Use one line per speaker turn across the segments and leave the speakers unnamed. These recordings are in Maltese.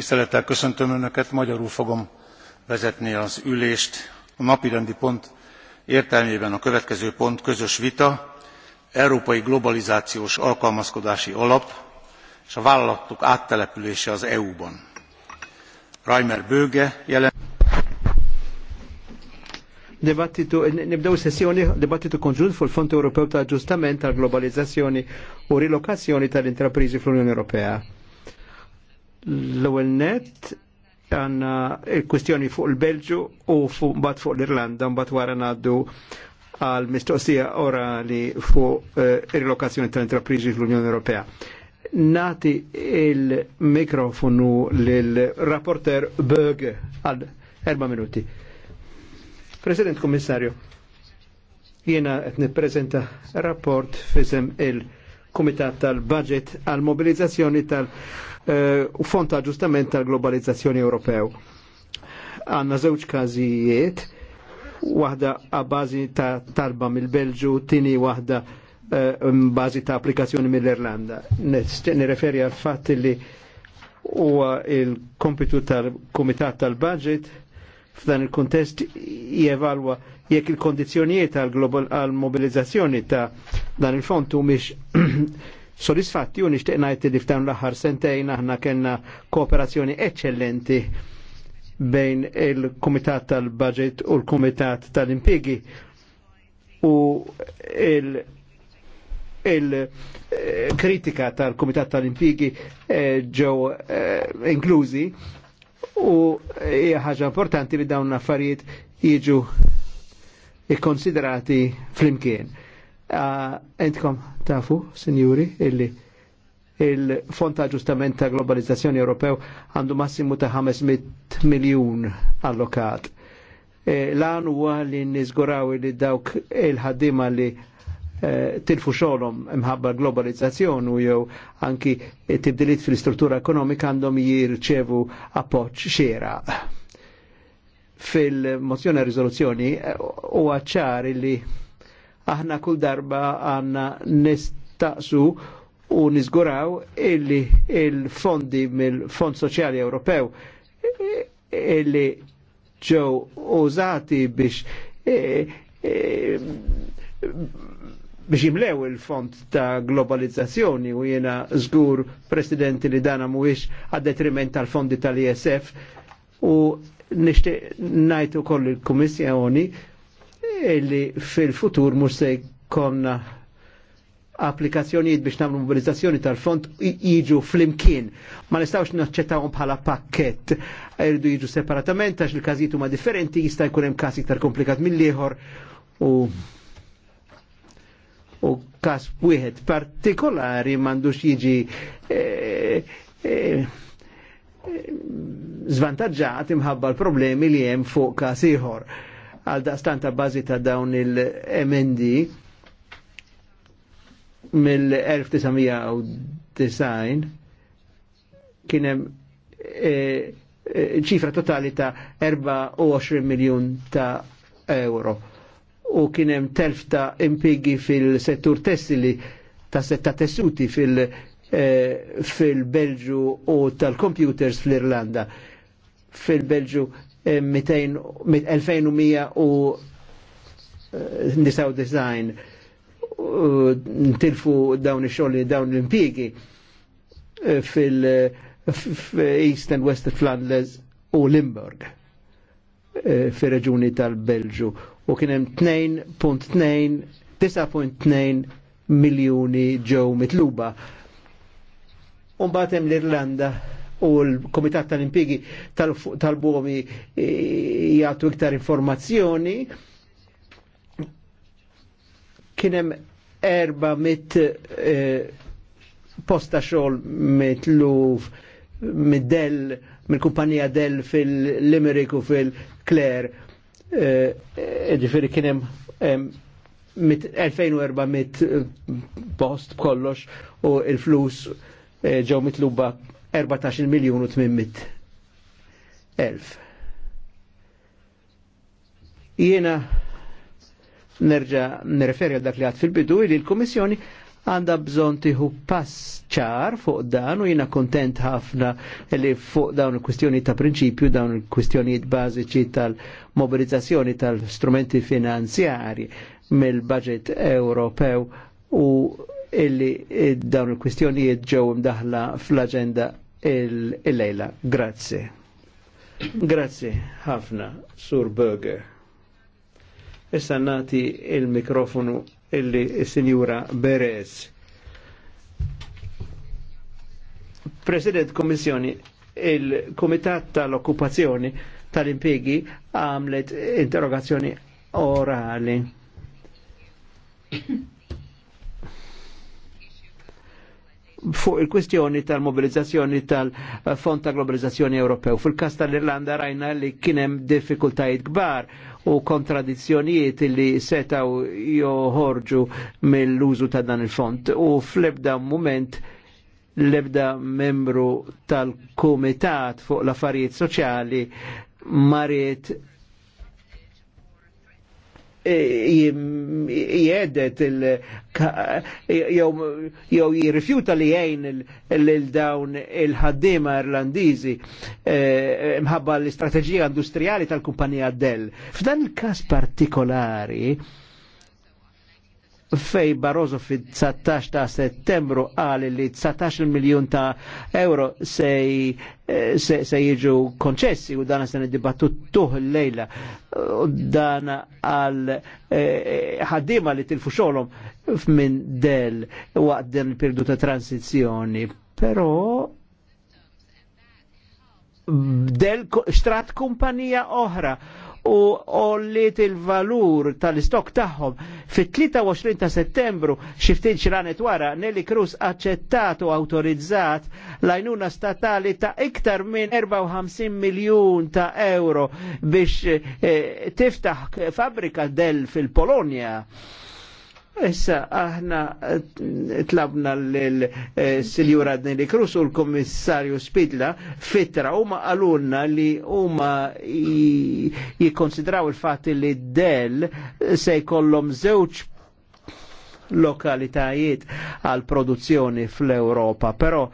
Tisztelettel köszöntöm Önöket, magyarul fogom vezetni az ülést. A napi rendi pont
értelmében a következő pont közös vita, Európai Globalizációs Alkalmazkodási Alap és a vállalatok áttelepülése az EU-ban.
Reimer Böge jelen.
Dibattitu, nibdew sessjoni, dibattitu konġunt fuq il-Fond Ewropew ta' ġustament tal-globalizzazzjoni u rilokazzjoni tal-intraprizi fl-Unjoni Ewropea. L-ewwel net għandna il-kwistjoni fuq il-Belġu u fuq mbagħad fuq l-Irlanda mbagħad wara ngħaddu għal mistoqsija orali fuq eh, ir-lokazzjoni tal-intrapriżi fl-Unjoni Ewropea. Nati il-mikrofonu lill-rapporter Böge għal erba minuti. President Kommissarju, jiena qed nippreżenta rapport fisem il-Kumitat tal-Budget għal mobilizzazzjoni tal- Eh, u fonta ġustament tal-globalizzazzjoni Ewropew. Għanna żewġ każijiet, waħda għabazi ta' tarba mill-Belġu, tini waħda eh, bazi ta' applikazzjoni mill-Irlanda. Nireferi għal fatt li huwa il-kompitu tal-Komitat tal-Budget f'dan il-kontest jevalwa jekk il-kondizjonijiet għal mobilizzazzjoni ta' dan il-fond miex sodisfatti u nixtieq ngħid li f'dan l-aħħar sentejn aħna kellna kooperazzjoni eċċellenti bejn il-Kumitat tal-Budget u l-Kumitat tal-Impigi u il- il-kritika tal-Kumitat tal-Impigi eh, ġew eh, inklużi u hija ħaġa importanti li dawn l-affarijiet jiġu ikkonsiderati flimkien. Ah, entkom tafu, signori, illi il-Fond ta' ġustament ta' globalizzazzjoni Ewropew għandu massimu ta' 500 miljun allokat. E, L-għan huwa li nizguraw li dawk il-ħaddima li e, tilfu xolom mħabba globalizzazzjoni u jew anki tibdilit fil-struttura ekonomika għandhom jirċevu appoċ xera. Fil-mozzjoni risoluzzjoni e, u għacċar li Aħna kull darba għanna nistaqsu u nizguraw illi il-fondi mill-Fond Soċjali Ewropew illi ġew użati biex e, e, biex jimlew il-fond ta' globalizzazzjoni u jena zgur presidenti li dana muwix għad detriment tal-fondi tal-ISF u nishtiq najtu koll il-Komissjoni illi e fil-futur mhux se konna applikazzjonijiet biex nagħmlu mobilizzazzjoni tal-fond jiġu flimkien. Ma nistgħux naċċettawhom bħala pakkett. Irdu jiġu separatament għax il-każijiet huma differenti, jista' jkun hemm każ iktar komplikat mill-ieħor u u każ wieħed partikolari m'għandux jiġi e, e, zvantaġġat imħabba l-problemi li hemm fuq kas ieħor għal daqstanta bazi ta' dawn il-MND mill-1990 kienem eh, eh, ċifra totali ta' 24 miljon ta' euro u kienem telf ta' impigi fil-settur tessili ta' setta tessuti fil- eh, fil-Belġu u tal-computers fl-Irlanda. Fil-Belġu 2199 eh, tilfu dawn ix-xogħol dawn l-impjiegi eh, fil-East and West Flanders u Limburg eh, fir-reġuni tal-Belġu u kien hemm 2.2 9.2 miljuni ġew mitluba. Umbatem l-Irlanda u l-Komitat tal-Impigi tal-Bomi e, jgħatu iktar informazzjoni. Kienem 400 mit e, posta xol mitluf mid-Dell, mill-kumpanija del mill kumpanija del fil limerick u fil-Clare. E, ġifiri eh, kienem 2400 post kollox u il-flus ġew mitluba 14 miljonu u 800 elf. Jiena nerġa nereferi għal dak li għad fil-bidu li l-Komissjoni għanda bżon tiħu pass ċar fuq dan u jina kontent ħafna li fuq dawn il-kwistjoni ta' prinċipju, dawn il-kwistjonijiet bażiċi tal-mobilizzazzjoni tal-strumenti finanzjari mill-budget Ewropew u illi dawn il-kwistjonijiet ġew imdaħla fl-aġenda il-lejla. Grazzi. Grazzi ħafna, Sur Burger. Issa nati il-mikrofonu illi il-Sinjura Berez. President Komissjoni, il-Komitat tal-Okkupazzjoni tal-Impjegi għamlet interrogazzjoni orali. fuq il-kwestjoni tal-mobilizzazzjoni tal-Fond ta' Globalizzazzjoni Ewropew. Fil-kas tal-Irlanda rajna li kienem diffikultajiet kbar u kontradizzjonijiet li setaw joħorġu mill-użu ta' dan il-fond. U fl-ebda moment l-ebda membru tal-Kumitat fuq l-affarijiet soċjali mariet E, jiedet jew jirrifjuta li jgħin l-dawn il-ħaddima irlandizi e, mħabba l-istrateġija industrijali tal-kumpanija Dell. F'dan il-kas partikolari, fej Barroso fi 19 ta' settembru għal li 19 miljon ta' euro se, eh, se, se jiġu konċessi u dana se dibattu tuħ l-lejla u dana għal eh, ħaddima li tilfu xolom minn del waqt din perdu ta' transizjoni. Pero del xtrat kumpanija oħra u olliet il-valur tal-istok tagħhom. Fit-23 ta' settembru xiftin xranet wara Nelly Cruz aċċettat u autorizzat lajnuna statali ta' iktar minn 54 miljun ta' euro biex eh, tiftaħ fabrika del fil-Polonja Issa aħna eh, tlabna l eh, siljur Dnili Cruz u l-Kommissarju Spidla fitra huma maqalunna li huma jikkonsidraw il fat li Dell se jkollhom żewġ lokalitajiet għal produzzjoni fl-Europa, però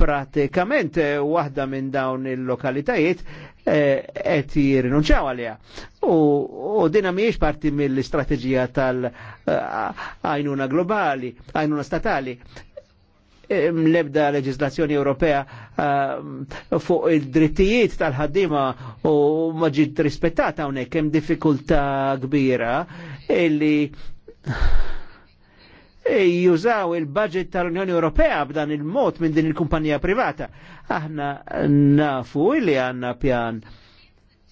pratikament eh, waħda minn dawn il-lokalitajiet eh, qed jirrinunċaw għaliha. U dina mhijiex parti mill-istrateġija tal-għajnuna globali, għajnuna statali mlebda leġislazzjoni Ewropea eh, fuq id drittijiet tal-ħaddima u maġid rispettata hawnhekk hemm diffikultà kbira illi E jużaw il-budget tal-Unjoni Ewropea b'dan il-mod minn din il-kumpanija privata. Aħna nafu li għanna pjan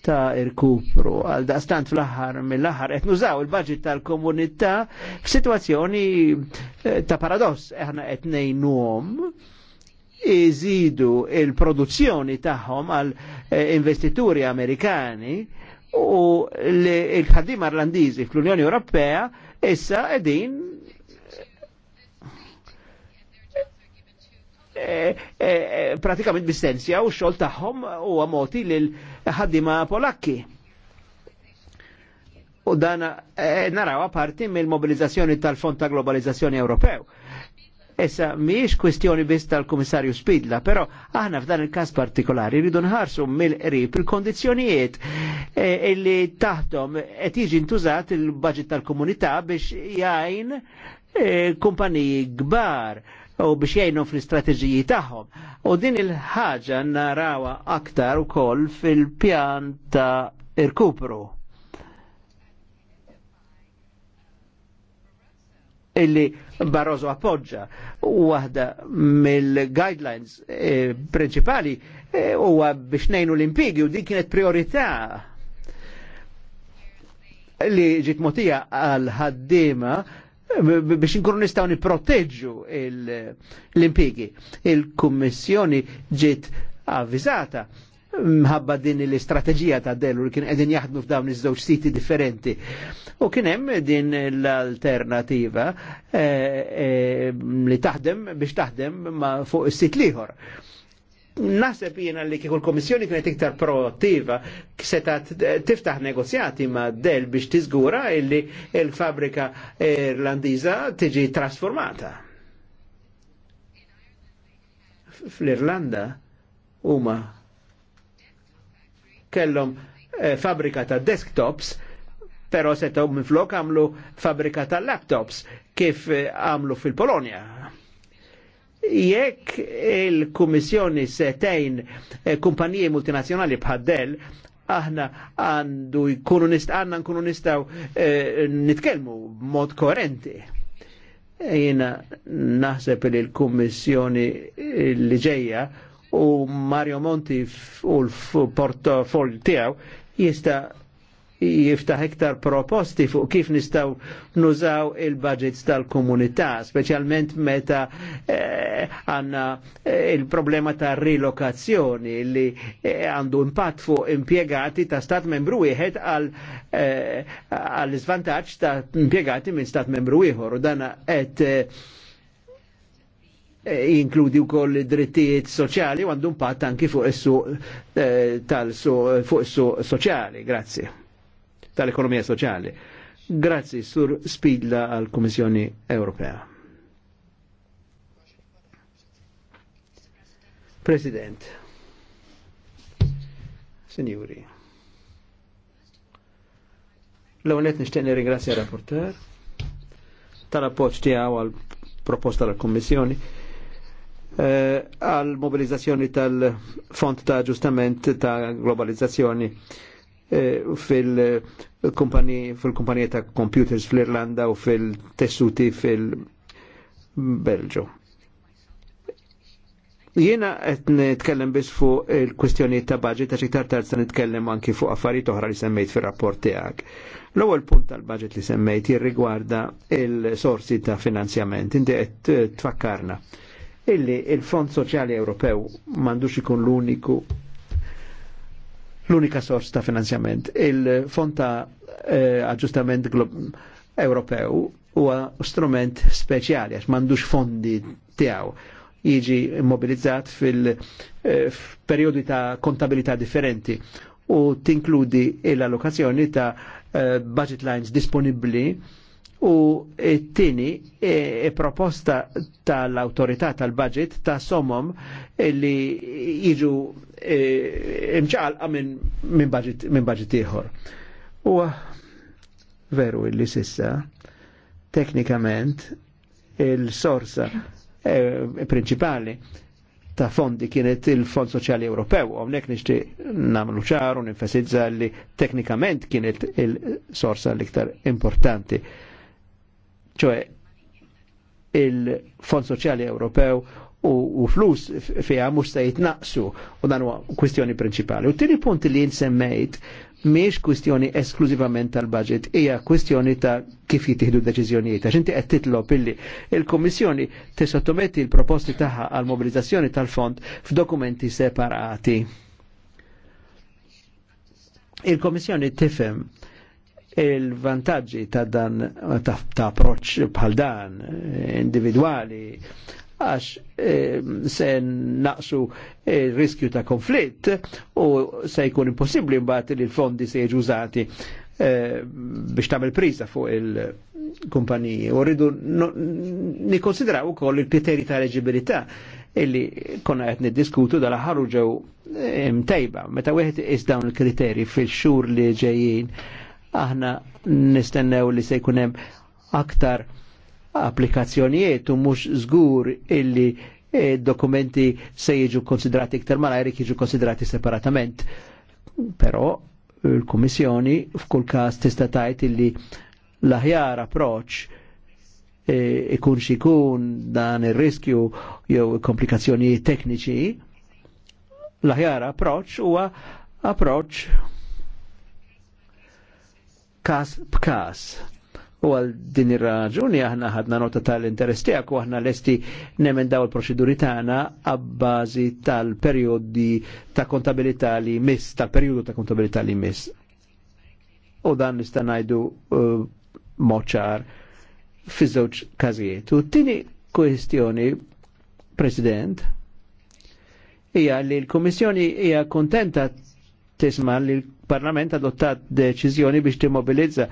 ta' irkupru għal daqstant fl-aħħar mill-aħħar qed nużaw il-budget tal-komunità f'sitwazzjoni eh, ta' paradoss aħna qed ngħinuhom iżidu il-produzzjoni tagħhom għal eh, investituri Amerikani u l-ħaddim Irlandiżi fl-Unjoni Ewropea issa qegħdin Eh, eh, pratikament mistenzja u xol taħħom u għamoti l-ħaddima polakki. U dan eh, narawa parti mill-mobilizzazzjoni tal-Fond ta' Globalizzazzjoni Ewropew. Essa miex kwestjoni biss tal-Komissarju Spidla, però aħna f'dan il-każ partikolari rridu nħarsu mill-qrib il-kondizzjonijiet illi taħtom qed jiġi ntużat il-budget tal-komunità biex jgħin kumpaniji kbar u biex jgħinu fl-istrateġiji tagħhom. U din il-ħaġa narawa aktar ukoll fil-pjan ta' irkupru. illi Barroso appoġġa. Waħda mill-guidelines eh, principali eh, huwa biex nejnu l-impigi u din kienet priorità li ġit motija għal ħaddima Eh, biex inkunu nistgħu nipproteġġu l-impjegi. Il-Kummissjoni ġiet avviżata mħabba din l-istrateġija ta' delu li kien edin jaħdmu f'dawn iż-żewġ siti differenti. U kien hemm din l-alternativa eh, eh, li taħdem biex taħdem fuq is-sit liħor. Naseb jiena li kieku l-Komissjoni kienet iktar proattiva ta' eh, tiftaħ negozjati ma' Dell biex tiżgura illi il-fabrika irlandiża tiġi trasformata. Fl-Irlanda huma kellhom eh, fabrika ta' desktops però setaw minn flok għamlu fabrika ta' laptops kif eh, għamlu fil-Polonia. Jekk il-Kummissjoni setejn eh, kumpaniji multinazzjonali bħaddel, aħna għandu jkunu nist, għanna nkunu nistaw eh, nitkelmu mod korrenti. Jena naħseb li l-Kummissjoni li ġeja u Mario Monti u l portofol tijaw jista' jiftaħ iktar proposti fuq kif nistaw nużaw il-budgets tal-komunità, specialment meta eh, għanna eh, il-problema ta' rilokazzjoni li eh, għandu eh, impatt fuq impiegati ta' stat membru wieħed għal eh, svantaġġ ta' impiegati minn stat membru ieħor u dan qed eh, jinkludi koll drittijiet soċjali u għandu impatt anki fuq is-suq eh, tal-suq fuq is-suq soċjali. Grazie tal-ekonomija soċjali. Grazzi, sur spidla għal-Komissjoni Ewropea. President, Signori, l-għonet nishtenni ringrazzja rapporter tal-appoċ tijaw għal proposta tal komissjoni eh, għal mobilizzazzjoni tal font ta' ġustament ta' globalizzazzjoni Eh, eh, fil-kumpanija ta' computers fl-Irlanda u fil-tessuti fil-Belġu. Jiena qed nitkellem biss fuq il-kwestjoni ta' budget għax iktar tard se nitkellem anki fuq affarijiet oħra li semmejt fir-rapport tiegħek. L-ewwel punt tal-budget li semmejt jirrigwarda il-sorsi ta' finanzjament. Inti qed tfakkarna illi il-Fond Soċjali Ewropew m'għandux ikun l-uniku l-unika sors ta' finanzjament. Il-fond ta' eh, aġustament Ewropew huwa strument speċjali għax m'għandux fondi tiegħu jiġi immobilizzat fil-periodi eh, ta' kontabilità differenti u tinkludi l-allokazzjoni ta' eh, budget lines disponibli u t-tini e, e proposta tal-autorità tal-budget ta' somom li jiġu E, imċaqalqa minn budget ieħor. U veru illi sissa teknikament il-sorsa e, principali ta' fondi kienet il-Fond Soċjali Ewropew, għonek nishti namlu ċaru, ninfesizza li teknikament kienet il-sorsa l-iktar importanti. ċoħe, il-Fond Soċjali Ewropew u, flus fija mux se jitnaqsu u dan huwa kwistjoni principali. U tini punt li nsemmejt miex kwistjoni esklużivament tal-budget, hija kwistjoni ta' kif jitihdu deċiżjonijiet. Għax inti qed titlob illi il-Kummissjoni tisottometti l-proposti tagħha għal mobilizzazzjoni tal-fond f'dokumenti separati. Il-Kommissjoni tifhem il-vantaġġi ta' dan ta', ta approċċ bħal dan individwali għax ehm, se naqsu eh, riskju ta' konflitt u se jkun impossibbli mbagħad li l-fondi se jiġużati eh, biex tagħmel priża fuq il-kumpaniji. U rridu nikkonsidraw ukoll il-kriteri ta' eleġibilità illi konna qed niddiskutu dal aħħar ġew ehm, mtejba. Meta wieħed is dawn il-kriteri fil-xhur li ġejjin aħna nistennew li se jkun hemm aktar applikazzjonijiet u mhux żgur illi e dokumenti se jiġu konsidrati iktar malajr jiġu konsidrati separatament. Però il-Kummissjoni f'kull każ tista' tgħid illi l-aħjar approċċ e, ikun xi xikun dan ir-riskju jew komplikazzjonijiet tekniċi, l-aħjar approċ huwa approċ każ b'każ U għal din ir-raġuni aħna ħadna nota tal-interess tiegħek u aħna lesti nemendaw il-proċeduri tagħna għabbażi tal-perjodi ta' kontabilità li miss, tal-perjodu ta' kontabilità li miss. U dan nista' ngħidu eh, moċar fi żewġ każijiet. U tini tieni kwestjoni, President, hija li l-Kummissjoni hija kontenta tisma li l-Parlament adottat deċiżjoni biex timmobilizza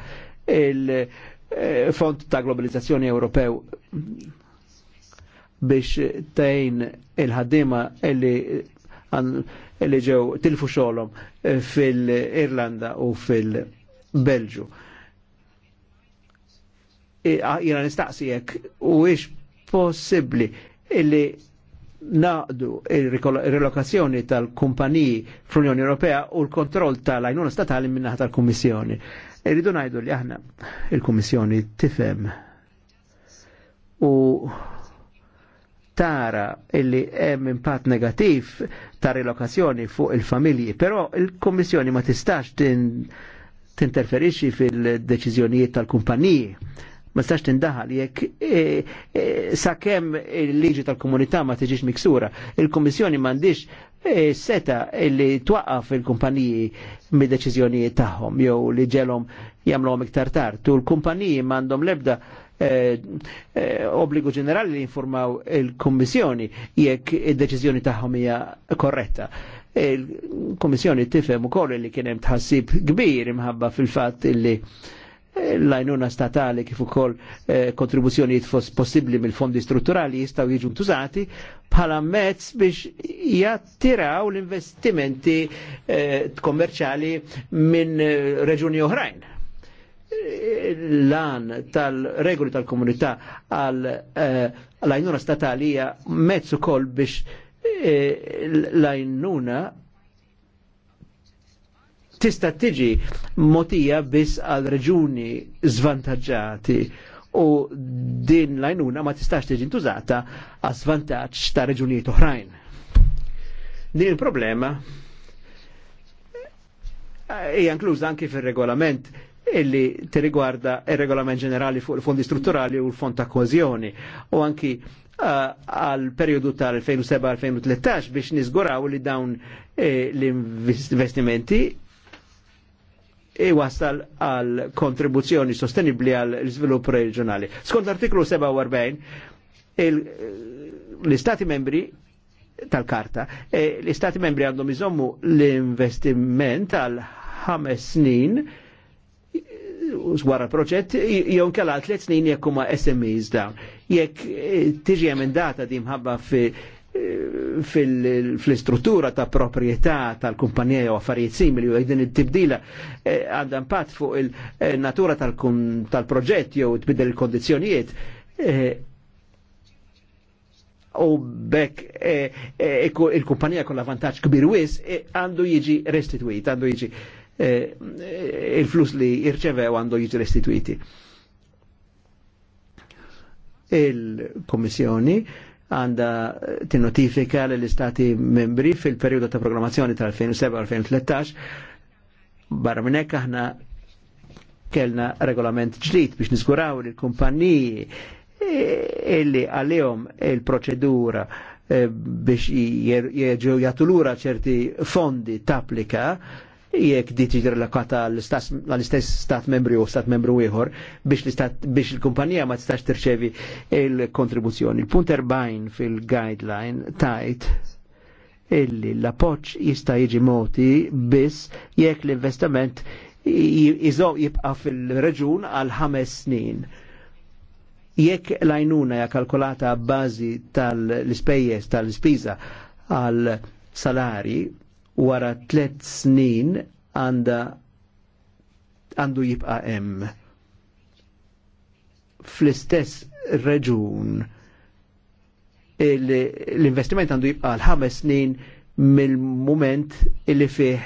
il- Eh, fond ta' globalizzazzjoni Ewropew biex tejn il-ħaddima illi illi ġew tilfu xolom fil-Irlanda u fil-Belġu. Jena nistaqsijek u ix possibli illi naqdu il-relokazzjoni tal-kumpaniji fl-Unjoni Ewropea u l-kontroll tal ajnuna statali minnaħ tal-Kummissjoni. Irridu ngħidu li aħna il-Kummissjoni tifhem u tara illi hemm impatt negativ ta' relokazzjoni fuq il-familji, però il kummissjoni ma tistax tinterferixxi fil-deċiżjonijiet tal-kumpaniji ma tistax tindaħal jekk e, e, sakemm il-liġi tal-komunità ma tiġix miksura. il kummissjoni m'għandix e seta illi twaqqaf il-kumpaniji mid-deċiżjonijiet tagħhom jew li ġelhom jagħmluhom iktar tard. U l-kumpaniji m'għandhom lebda ebda e, obbligu ġenerali li informaw il-Kommissjoni jekk id-deċiżjoni tagħhom hija korretta. Il-Kommissjoni tifhem ukoll li kien hemm tħassib kbir imħabba fil-fatt illi l-għajnuna statali kif ukoll eh, fost possibbli mill-fondi strutturali jistgħu jiġu ntużati bħala mezz biex jattiraw l-investimenti eh, kommerċali minn eh, reġuni oħrajn. Lan tal-regoli tal-komunità għal eh, statali hija mezz ukoll biex eh, l-għajnuna tista' tiġi motija biss għal reġuni zvantagġati u din lajnuna ma tistax tiġi ntużata għal svantaġġ ta' reġunijiet oħrajn. Din il-problema hija inkluża anki fir-regolament illi tirrigwarda il-regolament ġenerali fuq il-fondi strutturali u l-fond ta' kozjoni u anki uh, għal periodu tal-2007-2013 biex nizguraw li dawn eh, l-investimenti i wasal għal kontribuzzjoni sostenibli għal svilupp reġjonali. Skont artiklu 47, eh, l-Istati membri tal-karta, eh, l-Istati membri għandhom iżommu l-investiment għal ħames snin eh, wara proġett jew kellha tliet snin jekk huma SMEs dawn. Jekk tiġi emendata din mħabba fi fil-istruttura ta' proprietà tal-kumpanija u affarijiet simili u din it-tibdila eh, għandha impatt fuq il-natura eh, tal-proġett jew tbiddel il-kondizzjonijiet eh, u bekk il-kumpanija kolla vantaġġ kbir wis għandu jiġi restituit, għandu jiġi il-flus li irċevew għandu jiġi restituiti. Il-Komissjoni għanda eh, t-notifika l-istati membri fil-periodu ta' programmazzjoni tal-2007-2013 barra minnek aħna kellna regolament ġdid biex niżguraw li l-kumpanniji eh, illi għalihom il-proċedura eh, biex jgħatu lura ċerti fondi tapplika jekk di tiġi relakata l istess stat membri u stat membru ieħor biex il-kumpanija ma tistax tirċevi il-kontribuzzjoni. Il-punt 40 fil-guideline tajt illi l-appoċ jista' jiġi moti biss jekk l-investiment jibqa' fil-reġun għal ħames snin jekk lajnuna ja kalkolata bazi tal-ispejjeż tal-ispiża għal salari wara tlet snin għanda għandu jibqa' hemm fl-istess reġun l-investiment għandu jibqa' l-ħames snin mill-moment illi fih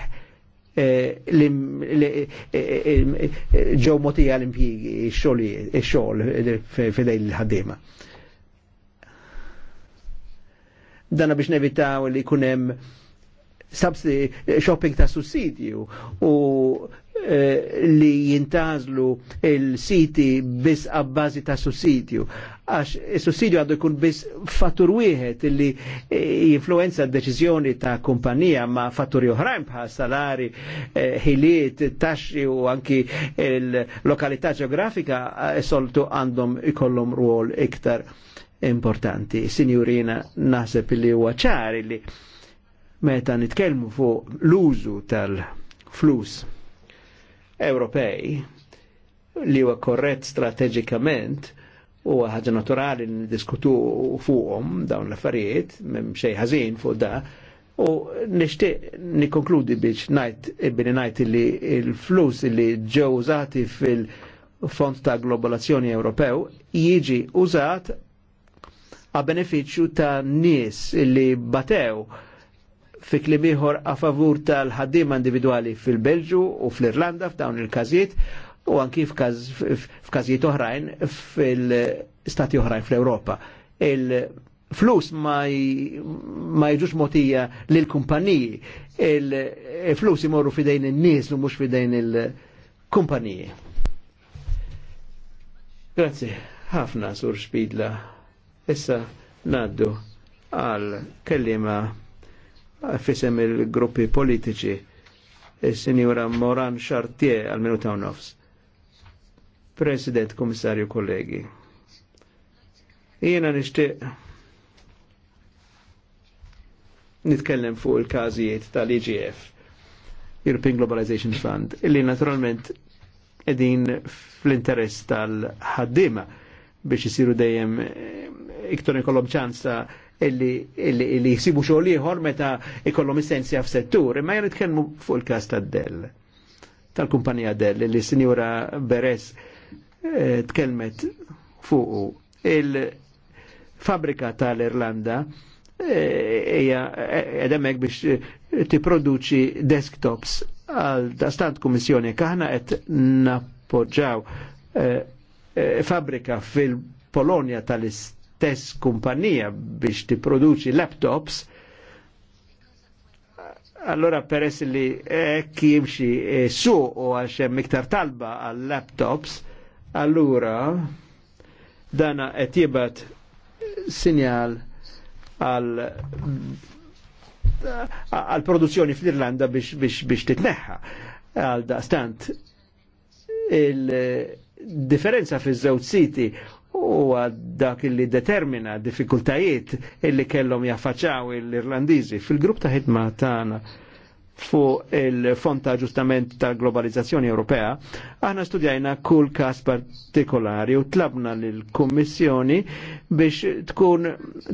eh, eh, eh, ġew motija l-impjigi, xogħol fidej l-ħaddiema. Dana biex nevitaw li kunem hemm Eh, shopping ta' sussidju u eh, li jintazlu il-siti bis għabbażi ta' sussidju. Għax il-sussidju eh, għaddu jkun bis fattur wieħed li jinfluenza d-deċizjoni ta' kumpanija ma' fatturi oħrajn bħal salari, ħiliet, eh, taxxi u anki il-lokalità ġeografika soltu għandhom ikollhom ruol iktar importanti. Sinjurina naħseb li huwa ċari li meta nitkellmu fuq l-użu tal-flus Ewropej li huwa korrett strateġikament u ħaġa naturali niddiskutu fuqhom dawn l-affarijiet m'hemm xejn ħażin fuq da u nixtieq nikkonkludi biex ngħid billi ngħid li l-flus li ġew użati fil-Fond ta' Globalazzjoni Ewropew jiġi użat a beneficju ta' nies li batew fi klimiħor a favur tal-ħaddim individuali fil-Belġu u fl-Irlanda f'dawn il-każijiet u anki f'każijiet oħrajn fil-stati oħrajn fl-Ewropa. Il-flus ma jiġux motija lil kumpaniji il-flus imorru fidejn in-nies u mhux fidejn il-kumpaniji. Grazzi, ħafna sur Spidla. Issa naddu għal kellima Ah, fisem il-gruppi politiċi il-Sinjura Moran Chartier għal-minuta u nofs. President, Komissarju, kollegi. Jiena nishtiq nitkellem fuq il kazijiet tal-IGF, European Globalization Fund, illi naturalment edin fl-interess tal-ħaddima biex jisiru dejjem eh, iktar ikollhom ċans ta' illi jisibu xogħol ieħor meta ikollhom essenzja f'settur, imma jrid kellmu fuq il-każ tad-Dell. Tal-kumpanija Dell li sinjura Beres eh, tkellmet fuq il-fabrika tal-Irlanda eh, hija eh, edemek biex tipproduċi desktops għal stant kummissjoni kaħna qed nappoġġaw fabrika fil-Polonja tal-Ist l-istess kumpanija biex tipproduċi laptops, allora peress li hekk jimxi e, su u għax hemm iktar talba għal laptops, allura dana qed jibgħat sinjal għal għal produzzjoni fl-Irlanda biex, biex, biex titneħħa għal stant il-differenza fi żewġ siti u dak li determina diffikultajiet illi kellhom jaffaċaw l-Irlandiżi fil-grupp ta' ħidma tagħna fuq il-Fond ta' ta' Globalizzazzjoni Ewropea, aħna studjajna kull kas partikolari u tlabna lill-Kummissjoni biex tkun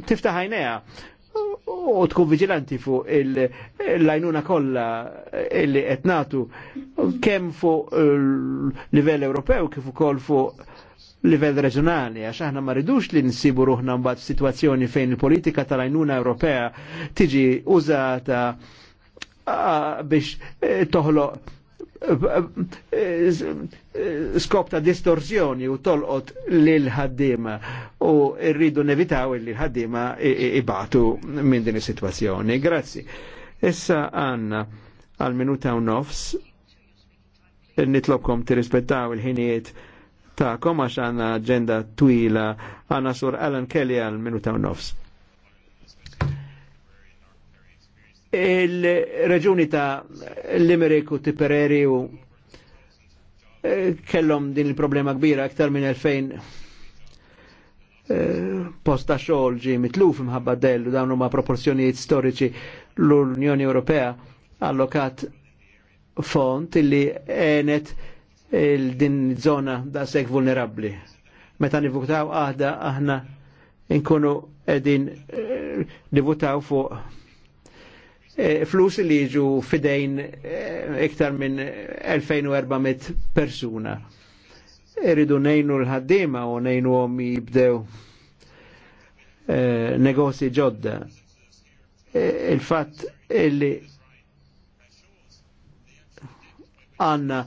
tiftaħajnea u tkun vigilanti fuq il-lajnuna kollha li etnatu kem fu l livell Ewropew kif ukoll fuq livell reġjonali, għax aħna ma ridux li nsibu ruħna mbagħad f'sitwazzjoni fejn il-politika tal-għajnuna Ewropea tiġi użata biex e, toħloq e, e, skop ta' distorsjoni u tolqot lil-ħaddima u rridu nevitaw li l-ħaddima ibatu minn din is-sitwazzjoni. Grazzi. Issa għanna għal minuta u nofs nitlobkom tirrispettaw il-ħinijiet ta' komax għanna agenda twila għanna sur Alan Kelly għal minu ta' nofs. Il-reġuni ta' Limerick u Tipereri eh, u kellom din il-problema kbira aktar minn 2000 eh, posta xogħol ġi mitluf mħabba dellu dawn ma' proporzjonijiet storiċi l-Unjoni Ewropea allokat font illi għenet il-din zona da' sek vulnerabli. Meta nivutaw għahda aħna nkunu edin eh, nivutaw fuq eh, flus li jiġu fidejn eh, iktar minn 2400 persuna. Irridu nejnu l-ħaddima u nejnu għom jibdew negozji ġodda. Il-fat illi għanna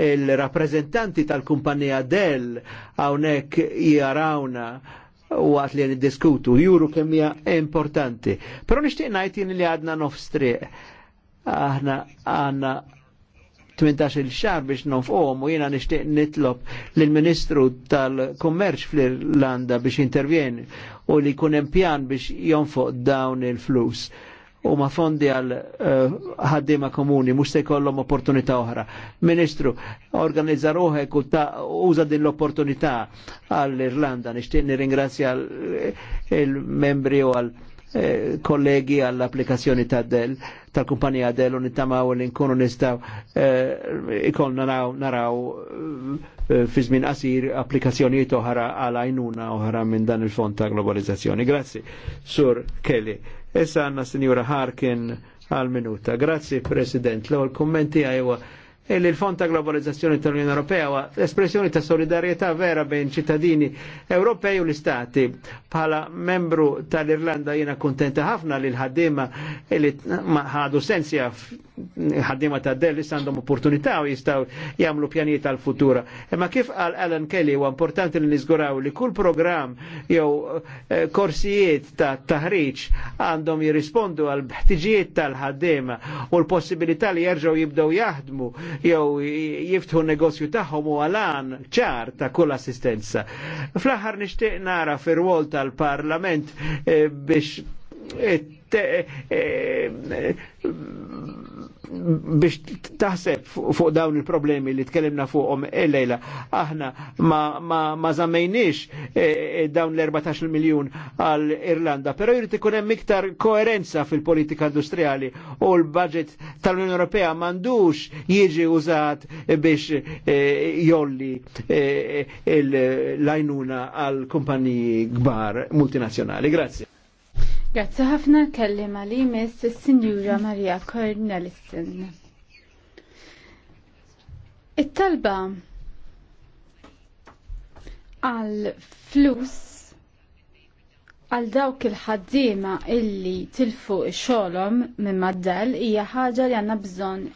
il-rappresentanti tal-kumpanija Dell hawnhekk jarawna waqt li niddiskutu juru kemm hija importanti. Però nixtieq ngħid li għadna nofstri Aħna għandna 18 il xar biex nofqom u jena nishtiq nitlob l-Ministru tal-Kommerċ fl-Irlanda biex intervjeni u li kunem pjan biex jonfoq dawn il-flus u ma fondi għal eh, ħaddima uh, komuni, mux se jkollhom opportunità oħra. Ministru, organizza ruħek u uża din l-opportunità għall-Irlanda, nixtieq ringrazja il-membri u għal eh, kollegi għall-applikazzjoni ta' Dell, tal-kumpanija Dell, unittamaw li nkunu nistaw eh, ikonna naraw fi żmien qasir applikazzjonijiet oħra għal għajnuna oħra minn dan il-fond ta' globalizzazzjoni. Grazzi, Sur Kelly. Issa għanna Sinjura Harkin għal-minuta. Grazie, President. L-għol kommenti għajwa E il l-Fond ta' Globalizzazzjoni tal-Unjoni Ewropea huwa espressjoni ta' solidarjetà vera bejn ċittadini Ewropej u l-Istati. Bħala membru tal-Irlanda jiena kuntenta ħafna li l-ħaddiema e li ħadu sensja ħaddiema ta' Dell issa għandhom opportunità u jistgħu jagħmlu pjanijiet tal futura Imma kif għal Alan Kelly huwa importanti li niżguraw li kull programm jew eh, korsijiet ta' taħriġ għandhom jirrispondu għal ħtiġijiet tal-ħaddiema u l-possibilità li jerġgħu jibdew jaħdmu jew jiftħu negozju tagħhom u għalan ċar ta' kull assistenza. Fl-aħħar nixtieq nara fir wol tal-Parlament eh, biex eh, eh, biex taħseb fuq dawn il-problemi li tkellimna fuqhom il-lejla. Aħna ma, ma, ma zamejniex e, e, dawn l-14 miljun għal Irlanda, però jrid ikun hemm iktar koerenza fil-politika industrijali u l-budget tal-Unjoni Ewropea m'għandux jiġi użat biex e, jolli e, e l-lajnuna għal kumpaniji kbar multinazzjonali. Grazie.
Grazzi ħafna kellima li miss is-Sinjura Maria Cornelissen. It-talba għal flus għal dawk il-ħaddiema illi tilfu xolom minn maddal hija ħaġa li għandna bżonn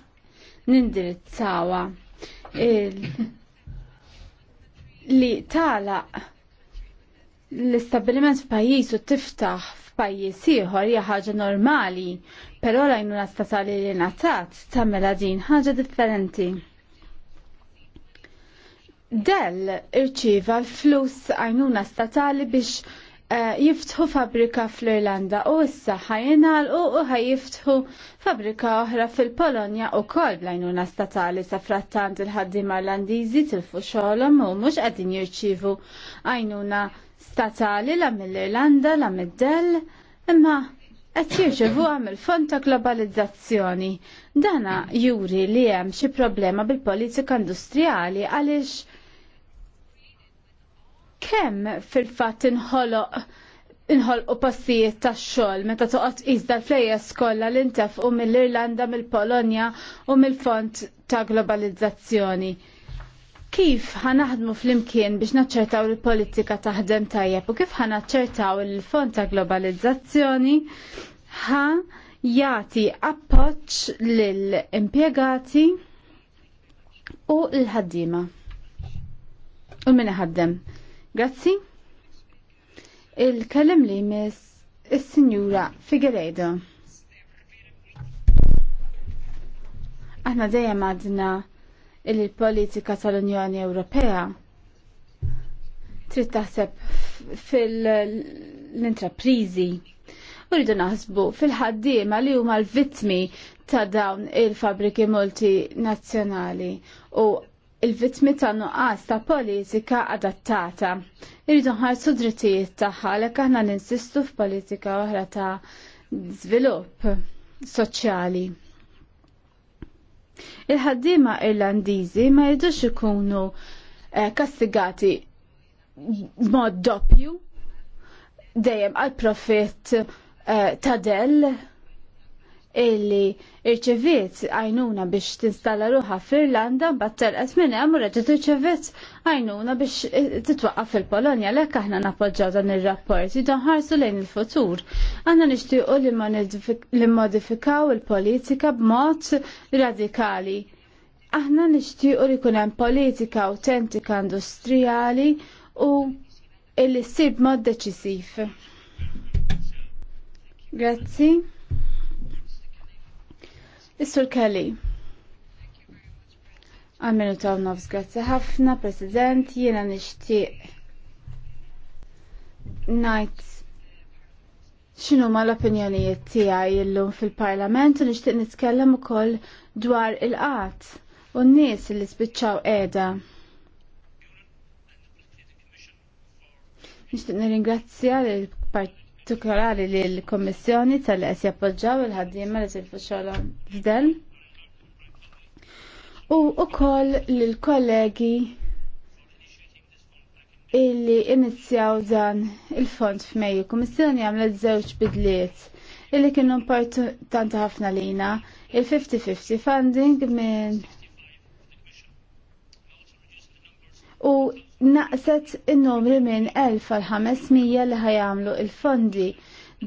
nindirizzawa li tala' l-istabiliment f'pajjiż u tiftaħ f'pajjiż ieħor hija ħaġa normali, però l-għajnuna statali li ngħatat tagħmilha din ħaġa differenti. Dell irċiva l-flus għajnuna statali biex eh, jiftħu fabrika fl-Irlanda u issa ħajinal u ħajiftħu fabrika oħra fil-Polonja u kol bl-għajnuna statali sa frattant il-ħaddim irlandizi tilfu fuxolom u mux għadin jirċivu għajnuna statali statali la mill-Irlanda, la mid-Dell, imma qed jirċevu għam il-fond ta' globalizzazzjoni. Dana juri li hemm xi problema bil-politika industrijali għaliex kemm fil-fatt inħoloq inħolqu passijiet tax xogħol meta toqgħod iżda l-flejjes kollha li ntefqu mill-Irlanda, mill-Polonja u mill-Fond ta' Globalizzazzjoni kif ħanaħdmu fl-imkien biex naċċertaw il politika taħdem tajjeb u kif ħanaċċertaw il fond ta' globalizzazzjoni ħa jati appoċ lill-impiegati u l-ħaddima. U minna ħaddem. Grazzi. Il-kellem li mis il-Sinjura Figueredo. Aħna dejjem għadna il-politika tal-Unjoni Ewropea trid taħseb fil-intraprizi. Uridu naħsbu fil-ħaddiema li huma l-vittmi ta' dawn il-fabriki multinazzjonali u il-vittmi ta' nuqqas ta' politika adattata. Iridu nħarsu drittijiet tagħha għalhekk aħna ninsistu f'politika oħra ta' żvilupp soċjali. Il-ħaddima Irlandiżi ma jidux ikunu eh, kastigati mod doppju dejjem għal profitt eh, ta' del illi irċeviet għajnuna biex tinstalla ruħa fil irlanda battelqet minn hemm u reġgħet irċeviet għajnuna biex eh, titwaqqa fil-Polonja lekk aħna nappoġġaw dan ir-rapport jidan ħarsu lejn il-futur. Aħna nixtiequ li modifikaw il-politika b'mod radikali. Aħna nixtiequ li jkun hemm politika autentika industrijali u illi ssib mod deċisif. Grazzi. Is-Sur Kelly. Għamilu taw nofs grazzi ħafna, President, jiena nixtieq najt xinu ma l-opinjonijiet tiegħi illum fil-Parlament u nixtieq nitkellem ukoll dwar il-qat u n-nies li spiċċaw qiegħda. Nixtieq nirringrazzja l partit partikolari li l-Kommissjoni tal-qes jappoġġaw il-ħaddiema li tilfu xogħolhom f'den. U wkoll lill-kollegi illi inizjaw dan il-fond f'Mejju. Kommissjoni għamlet żewġ bidliet illi kienu importanti ħafna lina il-50-50 funding minn u naqset il numri minn 1500 li ħajamlu il-fondi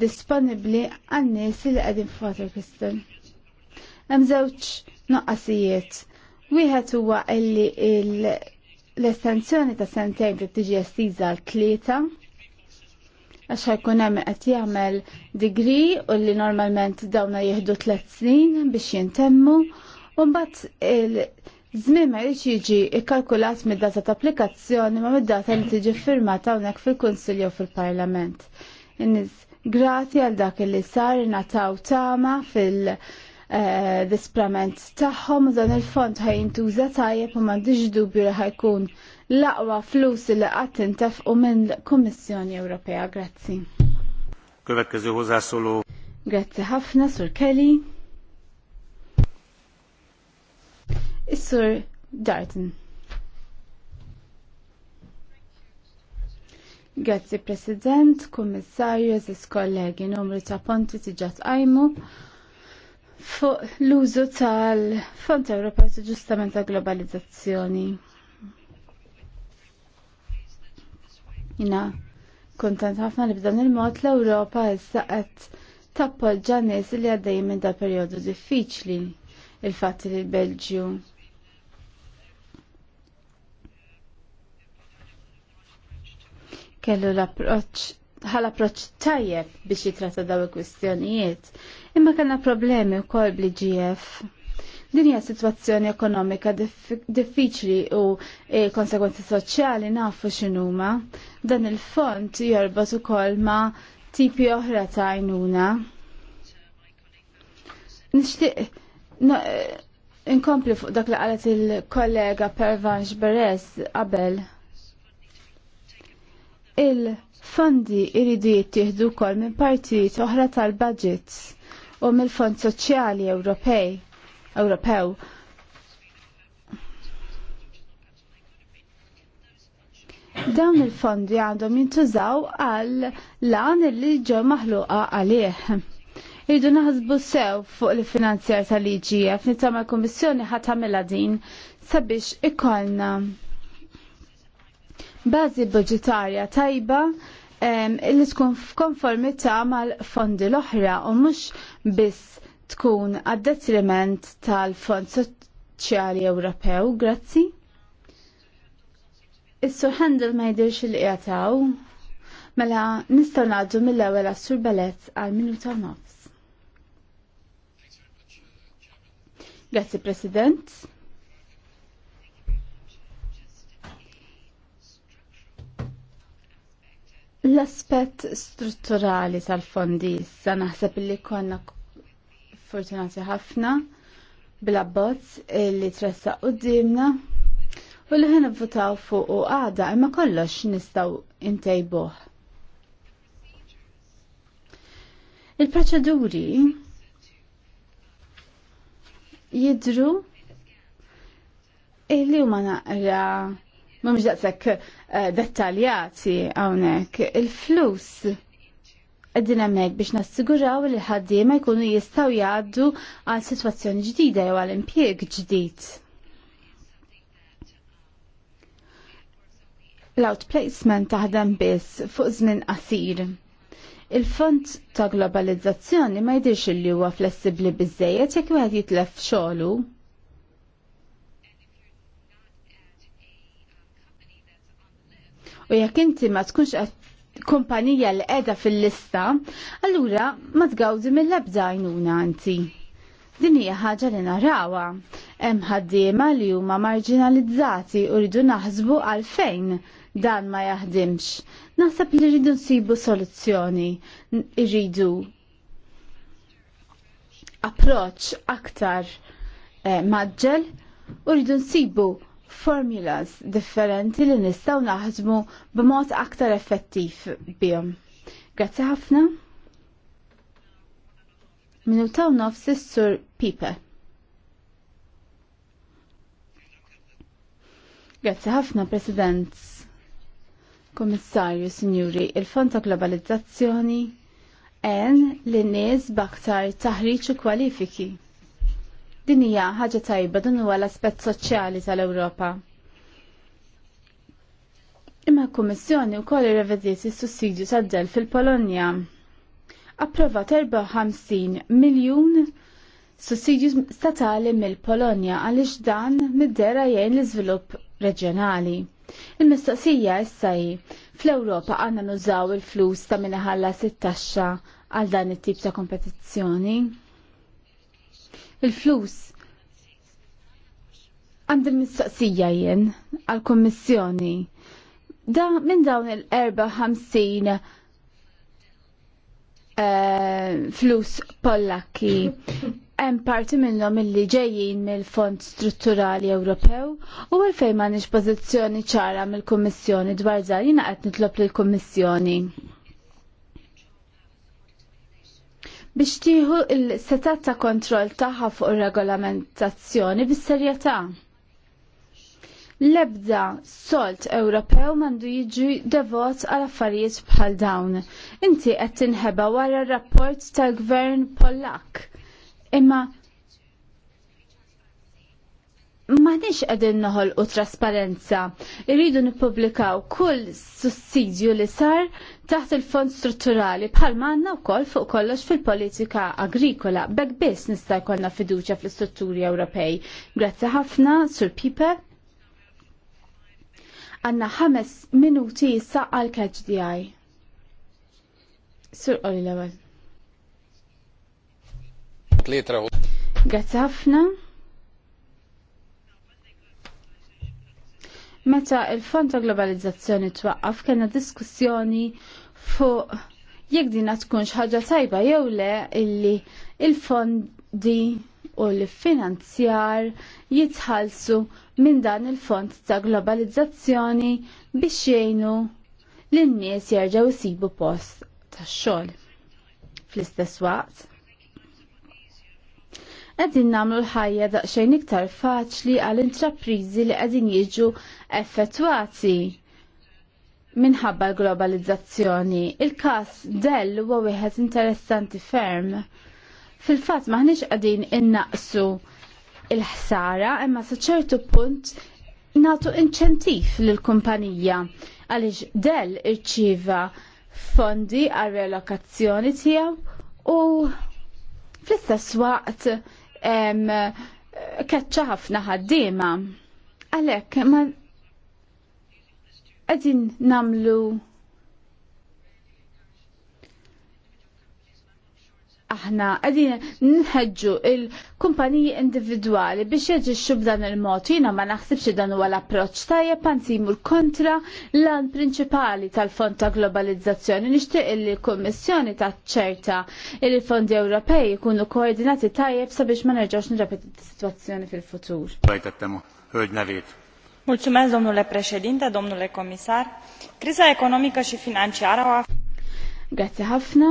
disponibli għannis li għedin f-Water Hemm Mżewċ noqqasijiet. Wieħed huwa illi l-estensjoni ta' sentejn li tiġi estiża l tlieta għax ħajkun hemm qed jagħmel digri u li normalment dawna jieħdu tliet snin biex jintemmu u mbagħad Żmien ma jridx jiġi ikkalkulat mid-data ta' applikazzjoni ma mid-data li tiġi firmata hawnhekk fil-Kunsill jew fil-Parlament. Inniż grati għal dak li sar nataw tama fil- eh, disprament tagħhom dan il-fond ħajintuża tajjeb u m'għandix dubju li ħajkun l-aqwa flus li qatt intefqu minn Kummissjoni Ewropea. Grazzi. Grazzi ħafna, Sur Kelly. Is-Sur Darton. Grazzi President, Kummissarju, eżis kollegi, numru ta' ponti tiġat għajmu fuq l-użu tal-Fond Ewropew ta' Ġustament ta' Globalizzazzjoni. Jina, kontent ħafna li b'dan il-mod l-Ewropa issa qed tappoġġa nies li għaddej minn da' perjodu diffiċli il-fatti li l-Belġju kellu l-approċ ħal approċ tajjeb biex jitratta daw il-kwistjonijiet. Imma kellna problemi wkoll bl-IGF. Din hija sitwazzjoni ekonomika diffiċli u e, konsegwenzi soċjali nafu x'inhuma. Dan il-font jorbot ukoll ma' tipi oħra ta' għajnuna. Nixtieq No, e, inkompli fuq dak li qalet il-kollega Pervanx Beres qabel Il-fondi iridu jittieħdu wkoll minn partijiet oħra tal-budgets u mill-Fond Soċjali Ewropej Ewropew. Dawn il-fondi għandhom jintużaw għal lan li ġew maħluqa għalih. Iridu naħsbu sew fuq il-finanzjar tal-IGF nittama l-Kummissjoni ħatamela din sabiex ikollna bażi budgetarja tajba li tkun f'konformità mal-fondi l-oħra u mhux biss tkun għad-detriment tal-Fond Soċjali Ewropew. Grazzi. Is-Sur Handel ma jidhirx il jataw mela nistgħu ngħaddu mill-ewwel għas-Sur Belezz għal minuta nofs. Grazzi President. L-aspet strutturali tal-fondi issa naħseb li konna fortunati ħafna bil-abbozz li tressa dimna u li ħin votaw fuq u għada imma kollox nistaw intejbuh. Il-proċeduri jidru li huma naqra mhumiex daqshekk eh, dettaljati hawnhekk. Il-flus qegħdin hemmhekk biex nassiguraw li l-ħaddiema jkunu jistgħu jgħaddu għal sitwazzjoni ġdida jew għal impjeg ġdid. L-outplacement taħdem biss fuq żmien qasir. Il-fond ta' globalizzazzjoni ma jidhirx li huwa flessibbli biżejjed jekk wieħed jitlef xogħlu U jekk inti ma tkunx kumpanija li qiegħda fil-lista, allura ma tgawdi mill-ebda għajnuna anti. Din hija ħaġa li narawha. Hemm ħaddiema li huma marginalizzati u rridu naħsbu għalfejn dan ma jaħdimx. Naħseb li rridu nsibu soluzzjoni, irridu approċ aktar eh, maġġel u rridu nsibu formulas differenti li nistaw naħdmu b'mod aktar effettiv bihom. Grazzi ħafna. Minutaw nofs sur Pipe. Grazzi ħafna, President. Komissarju, Sinjuri, il-Fond ta' Globalizzazzjoni en li nies baktar taħriġ u kwalifiki Din hija ħaġa tajba dan huwa l-aspett soċjali tal-Ewropa. Imma l-Kummissjoni wkoll irrevediet is-sussidju tad-del fil-Polonja. Approvat 54 miljun sussidju statali mill-Polonja għaliex dan middera jgħin l-iżvilupp reġjonali. Il-mistoqsija issa hi fl-Ewropa għandna nużaw il-flus ta' minħalla sit-taxxa għal dan it-tip ta' kompetizzjoni il-flus. Għandim mistoqsija jien għal-Kommissjoni. Da minn dawn il-54 eh, flus pollakki hemm parti minnhom illi ġejjin mill-Fond Strutturali Ewropew u għalfejn m'għandniex pożizzjoni ċara mill-Kummissjoni dwar dan jiena qed nitlob lill-Kummissjoni. biex tieħu il-setat ta' kontroll tagħha fuq ir-regolamentazzjoni bis-serjetà. L-ebda solt Ewropew mandu jiġu devot għal affarijiet bħal dawn. Inti qed tinħeba wara r-rapport tal-Gvern Pollak. Imma ma nix qegħdin noħolqu trasparenza. Irridu nippubblikaw kull sussidju li sar taħt il-fond strutturali bħal manna wkoll fuq kollox fil-politika agrikola bekk biss nista' jkollna fiduċja fl-istrutturi Ewropej. Grazzi ħafna sur Pipe. Għanna ħames minuti issa għal KHDI. Sur Oli l Grazzi ħafna. Meta il-Fond ta' Globalizzazzjoni twaqqaf kena diskussjoni fuq jekk dina tkunx ħaġa tajba jew le illi il-fondi u l-finanzjar jitħalsu minn dan il-fond ta' globalizzazzjoni biex jgħinu l-nies jerġgħu jsibu post tax-xogħol. Fl-istess waqt, għedin namlu l-ħajja daqsxejn iktar faċli għal intraprizi li għedin jiġu effettwati minħabba l-globalizzazzjoni. Il-kas Dell huwa wieħed interessanti ferm. Fil-fatt maħniex għadin innaqsu il-ħsara imma sa ċertu punt nagħtu inċentiv lill-kumpanija għaliex Dell irċiva fondi għal relokazzjoni tiegħu u fl-istess waqt eh, keċċa ħafna ħaddiema. Għalhekk ma qegħdin namlu aħna qegħdin nħedġu il-kumpaniji individuali biex jeġixxu b'dan il-mod. Jina ma naħsibx dan huwa l-approċ tajja panzi jmur kontra l-an prinċipali tal-fond ta' globalizzazzjoni. Nixtieq li l-Kummissjoni taċċerta li l-fondi Ewropej jkunu koordinati tajjeb sabiex ma nerġgħux nirrepetu s-sitwazzjoni fil-futur. Rajtettem, ħöġ kriza ekonomika domnule comisar, criza economică Grazie ħafna,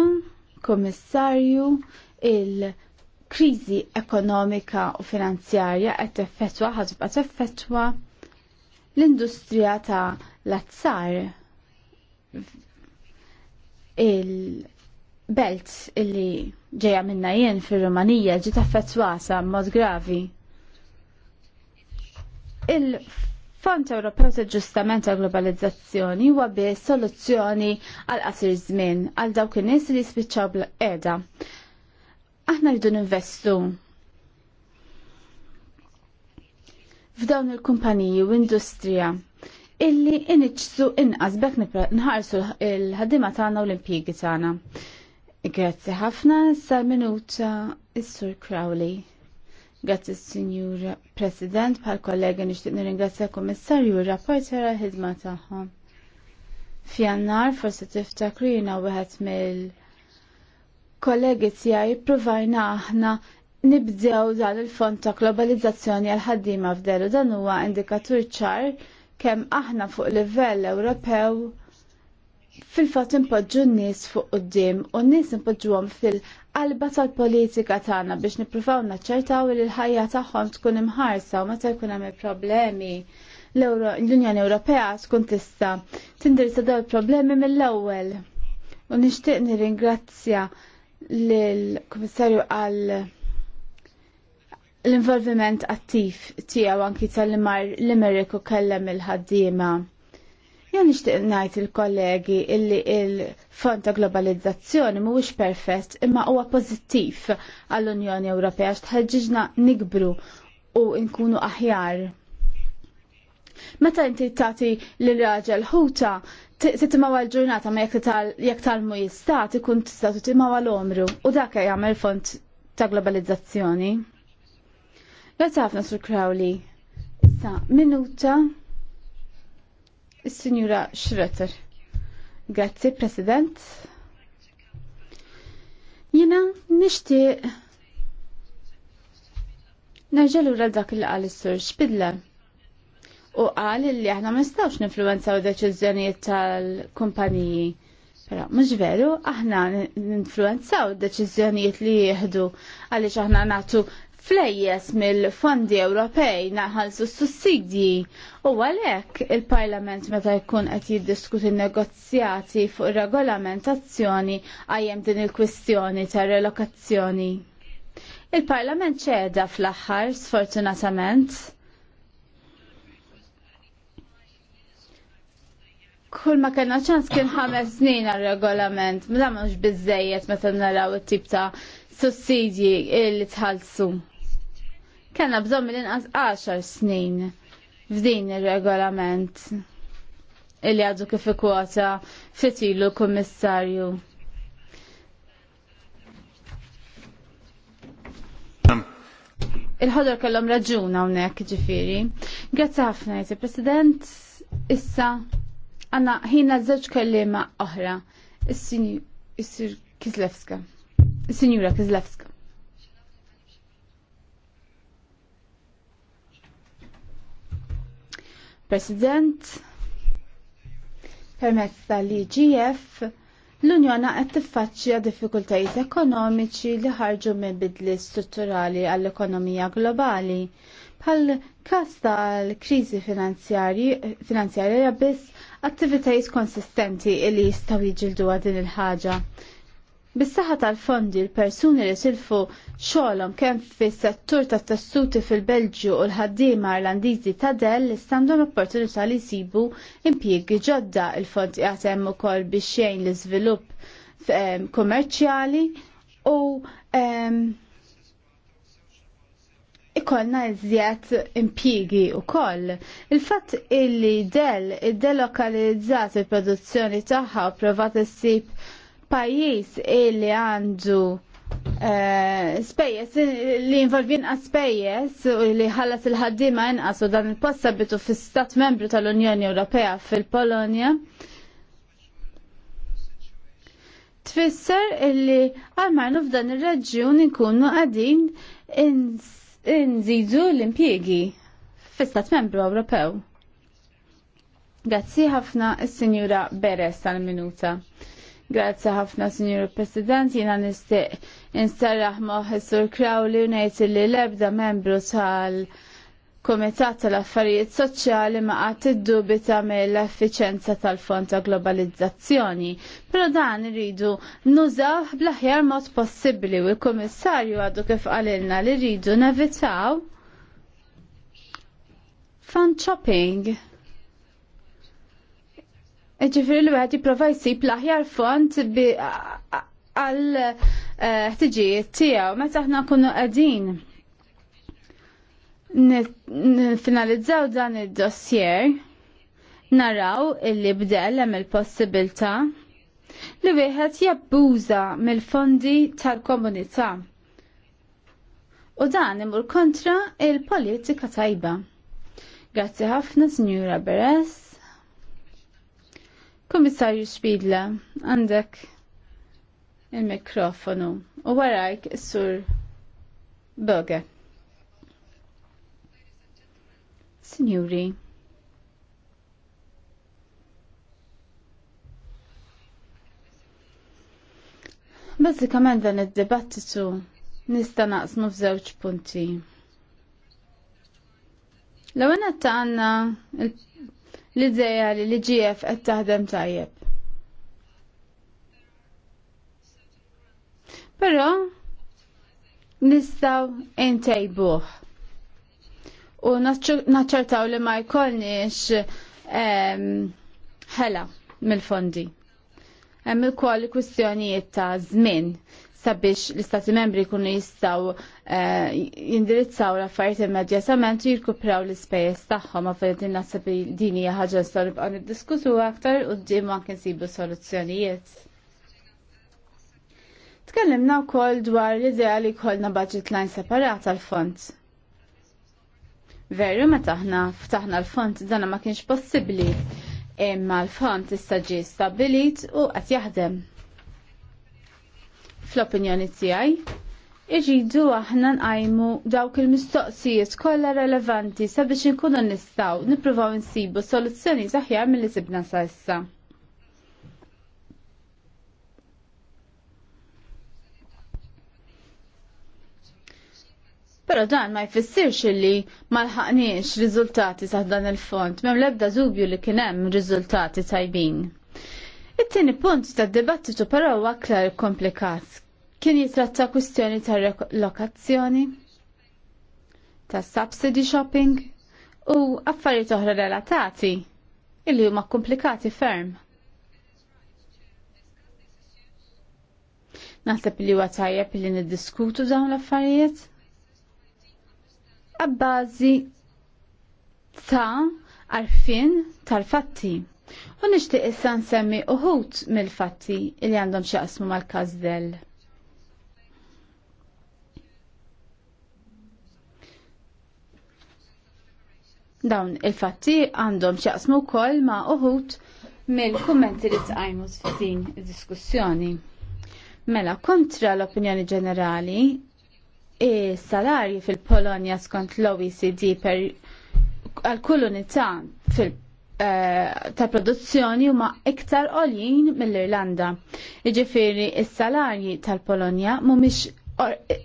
komissarju, il-krizi ekonomika u finanzjarja qed teffettwa ħadba teffettwa l-industrija ta' l-azzar il-belt illi ġeja minna jien fir-Rumanija ġiet affettwata mod gravi. il Fond Ewropew ta' ġustament għal globalizzazzjoni huwa bi soluzzjoni għal qasir żmien għal dawk in-nies li jispiċċaw bl qeda Aħna rridu ninvestu f'dawn il-kumpaniji u industrija illi iniċsu inqas bekk nħarsu l-ħaddima tagħna u l-impjiegi tagħna. Grazzi ħafna sa minuta is-Sur Crowley. Grazzi Signor President, bħal kollega nixtieq nirringrazzja Kummissarju r-rapporter għal ħidma tagħha. Fjannar forsi tiftakru jiena wieħed mill-kollegi tiegħi provajna aħna nibdew dan il-fond ta' globalizzazzjoni għal ħaddiema f'delu dan huwa indikatur ċar kemm aħna fuq livell Ewropew fil fatt impoġġu n-nis fuq quddiem u n-nis impoġġuhom fil qalba tal-politika tagħna biex nippruvaw naċċertaw li l-ħajja tagħhom tkun imħarsa u meta jkun hemm problemi l-Unjoni Ewropea tkun tista' tindirizza dawn il-problemi mill-ewwel. U nixtieq nirringrazzja lill-Kummissarju għal l-involviment attiv tiegħu anki tal l u kellem il-ħaddiema. Jan nixtieq ngħid il-kollegi illi il-fond ta' globalizzazzjoni mhuwiex perfett imma huwa pożittiv għall-Unjoni Ewropea x'tħeġġiġna nikbru u nkunu aħjar. Meta inti tagħti lil raġel ħuta titimgħu għal-ġurnata ma jekk talmu jistat ikun tista' titimgħu għal-omru u dak jagħmel fond ta' globalizzazzjoni. Grazzi ħafna Sur Crowley. Issa minuta Signora Schroeter. Grazzi, President. Jena nishti nerġalu ra dak li qal is-sur Xpidla, U qal li aħna ma nistgħux ninfluwenzaw deċiżjonijiet tal-kumpaniji. Però mhux veru aħna d deċiżjonijiet li jieħdu għaliex aħna nagħtu flejjes mill-fondi Ewropej naħalsu s-sussidji u għalhekk il-Parlament meta jkun qed jiddiskuti negozjati fuq ir-regolamentazzjoni għajjem din il-kwistjoni tar relokazzjoni. Il-Parlament ċeda fl-aħħar sfortunatament. kull ma kena ċans kien ħames snin għal regolament, ma damux bizzejiet meta naraw it-tip ta' sussidji li tħallsu kellna bżonn mill-inqas 10 snin f'din ir-regolament illi għadu kif ikwota fitilu kummissarju. Il-ħodor kellhom raġun hawnhekk ġifieri. Grazzi ħafna jgħid President. Issa għandna ħina żewġ kelliema oħra. Is-Sinjur Kislevska. Is-Sinjura Kislewska. President, permezz tal-IGF, l-Unjona qed tiffaċċja diffikultajiet ekonomiċi li ħarġu minn bidli strutturali għall-ekonomija globali. Bħal każ tal-kriżi finanzjarja biss attivitajiet konsistenti li jistgħu jiġildu din il-ħaġa. Bis-saħħa tal-fondi l-persuni li silfu xogħolhom kemm fis-settur tat-tessuti fil-Belġju u l-ħaddiema Irlandiżi ta' Dell li opportunità li jsibu impjiegi ġodda il-fond qiegħed hemm ukoll biex jgħin l-iżvilupp ehm, kummerċjali u ehm, ikollna iżjed impjiegi ukoll. Il-fatt illi Dell iddelokalizzat il-produzzjoni tagħha u provat issib pajjiż illi għandu eh, spejjes li involvin inqas spejjes u li ħallas il-ħaddima inqas u dan il-post sabitu fis-Stat Membru tal-Unjoni Ewropea fil-Polonja. Tfisser illi marnu f'dan ir-reġjun inkunu għadin nżidu l-impjiegi fis-Stat Membru Ewropew. Grazzi ħafna is-Sinjura Beres tal-Minuta. Grazzi ħafna, Sinjur President, jina nistiq instarraħ moħessur Crowley unajt li lebda membru tal Komitat tal-Affarijiet Soċjali ma qatt iddubita mill-effiċenza tal-Fond ta' Globalizzazzjoni, però dan iridu nużaw bl-aħjar mod possibbli u l-Kummissarju għadu kif qalilna li rridu nevitaw fan shopping Ġifiri li għed jiprofa jisib laħjar font bi għal eh, ħtiġijiet tiegħu meta taħna kunu qegħdin nifinalizzaw dan id-dossier naraw illi bdel hemm il-possibilità li wieħed jabbuża mill-fondi tal-komunità. U dan imur kontra il-politika tajba. Grazzi ħafna, Signora Beres. Komissarju Spidla, għandek il-mikrofonu u warajk sur Boga. Signori, Bazzikament dan id-dibattitu nista naqsmu f'żewġ punti. L-għana ta' għanna li ideja li li ġijef qed taħdem tajjeb. Però nistaw intajbuħ. u naċċertaw li ma jkollniex ehm, ħela mill-fondi. Hemm il kwistjonijiet ta' żmien sabiex l-istati membri kunu jistaw eh, jindirizzaw l-affarijiet immedjatament u jirkupraw l-ispejjeż tagħhom ovvjament naħseb din hija ħaġa nistgħu nibqgħu niddiskutu aktar u d-diem anke nsibu soluzzjonijiet. Tkellimna wkoll dwar l-idea li jkollna budget line separat għal fond Veru ma taħna ftaħna l-fond dana ma kienx possibbli imma l-fond issa ġie stabilit u qed jaħdem fl-opinjoni tiegħi. Iġidu aħna nqajmu dawk il-mistoqsijiet kollha relevanti sabiex inkunu nistgħu nippruvaw insibu soluzzjoni saħħar mill-li sibna sa issa. Pero dan ma jfissirx li ma lħaqniex riżultati saħdan il-font, mem lebda dubju li kien hemm riżultati tajbin. It-tieni punt tad-dibattitu però huwa aktar komplikat. Kien jitratta kwistjoni ta' lokazzjoni, ta' subsidy shopping u affarijiet oħra relatati illi huma komplikati ferm. Naħseb li huwa tajjeb li niddiskutu dawn l-affarijiet għabbażi ta' għarfien tal-fatti. U nixtieq issa nsemmi uħut mill-fatti li għandhom xaqsmu mal-kazdell. Dawn il-fatti għandhom xaqsmu wkoll ma' uħut mill-kummenti li tqajmu f'din id-diskussjoni. Mela, kontra l-opinjoni ġenerali, is-salarji fil-Polonja skont l-OECD per għal kull unità fil Eh, ta' produzzjoni huma iktar għoljin mill-Irlanda. Iġifieri s salarji tal-Polonja mhumiex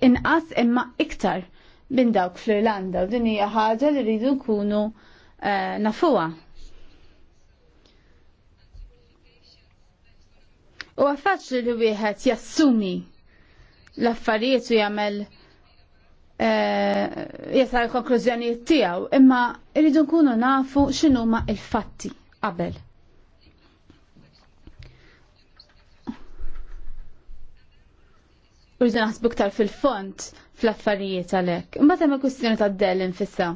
inqas imma iktar minn dawk fl-Irlanda u din hija ħaġa li rridu nkunu eh, nafuha. U faċli li wieħed jassumi l-affarijiet u jagħmel Eh, jesa l-konklużjonijiet tiegħu, imma rridu nkunu nafu x'inhuma l-fatti qabel. Urridu naħsbu ktar fil-font fl-affarijiet għalhekk. imma hemm kustjoni kwistjoni tad-del infissa.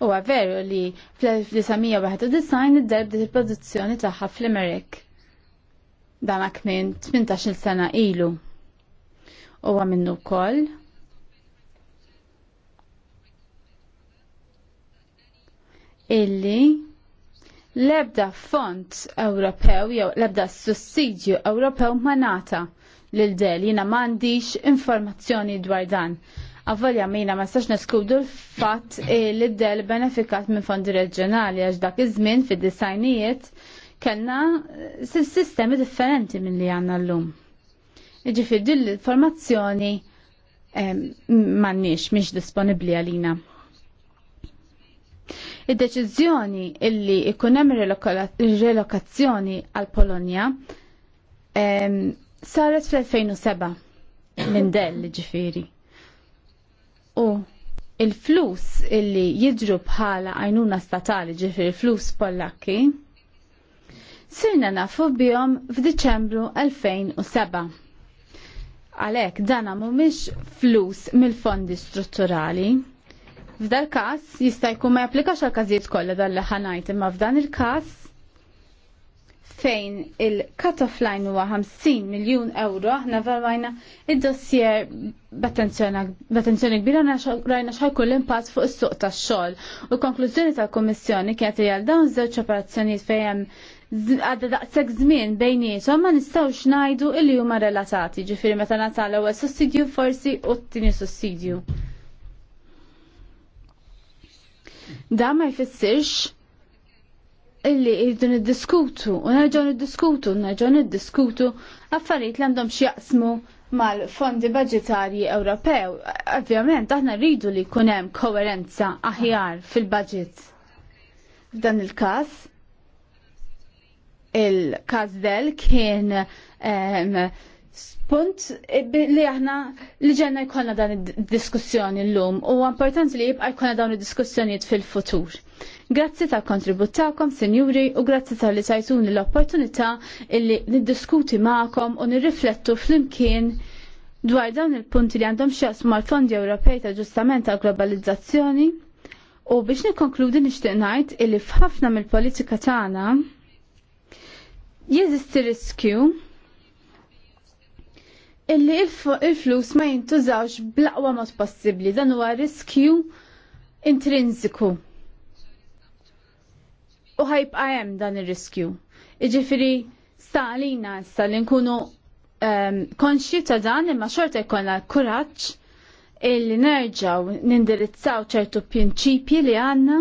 Huwa veru li fl-1991 id-del il-produzzjoni tagħha fl amerik Dan kmien 18 sena ilu u minnu kol illi lebda font Ewropew jew lebda sussidju Ewropew ma nata lil del jina m'għandix informazzjoni dwar dan. Avvalja mina ma stax neskudu l-fatt li del benefikat minn fondi reġjonali għax dak iż-żmien fid-disajnijiet kellna sistemi differenti minn li għandna llum. Iġifir, din l-informazzjoni m'għandniex mhix disponibbli għalina. Id-deċiżjoni illi ikun hemm relokazzjoni għal Polonja saret fl-2007 minn Dell ġifiri. U il-flus illi jidru bħala għajnuna statali ġifiri flus pollaki, sirna nafu bihom f'Diċembru 2007. Għalek, dana mumiex flus mill-fondi strutturali. F'dal kas jista' jkun ma japplikax għal każijiet kollha dan li ħanajt imma f'dan il-każ fejn il-cut-off line huwa 50 miljun euro, aħna valwajna id-dossier b'attenzjoni kbira rajna xħajkun l-impatt fuq is-suq tax-xogħol. U konklużjoni tal-Kummissjoni kienet li għal dawn żewġ operazzjonijiet fejn hemm għadda daqseg żmien so ma nistgħux ngħidu illi huma relatati, ġifiri meta nagħta l-ewwel sussidju forsi u t-tieni sussidju. Da ma jfissirx illi irridu niddiskutu u nerġgħu niddiskutu, nerġgħu niddiskutu affarijiet li għandhom x'jaqsmu mal-fondi budgetari Ewropew. Ovvjament aħna rridu li jkun hemm koerenza aħjar fil-budget. F'dan il-każ il-kazdel kien spunt li aħna li ġenna jkollna dan id-diskussjoni l-lum u importanti li jibqa jkollna dawn id-diskussjonijiet fil-futur. Grazzi tal kontribut tagħkom, sinjuri, u grazzi tal li tajtuni l-opportunità illi niddiskuti magħkom u nirriflettu flimkien dwar dawn il-punti li għandhom xjaqsmu mal-Fondi Ewropej ta' ġustament tal globalizzazzjoni. U biex nikkonkludi nixtieq ngħid illi f'ħafna mill-politika tagħna jeżisti riskju illi il-flus ma jintużawx blaqwa mod possibbli dan huwa riskju intrinsiku. U ħajbqa hemm dan ir-riskju. Iġifieri stalina issa li nkunu um, konxi ta' dan imma xorta jkollna kuraġġ illi nerġaw nindirizzaw ċertu prinċipji li għandna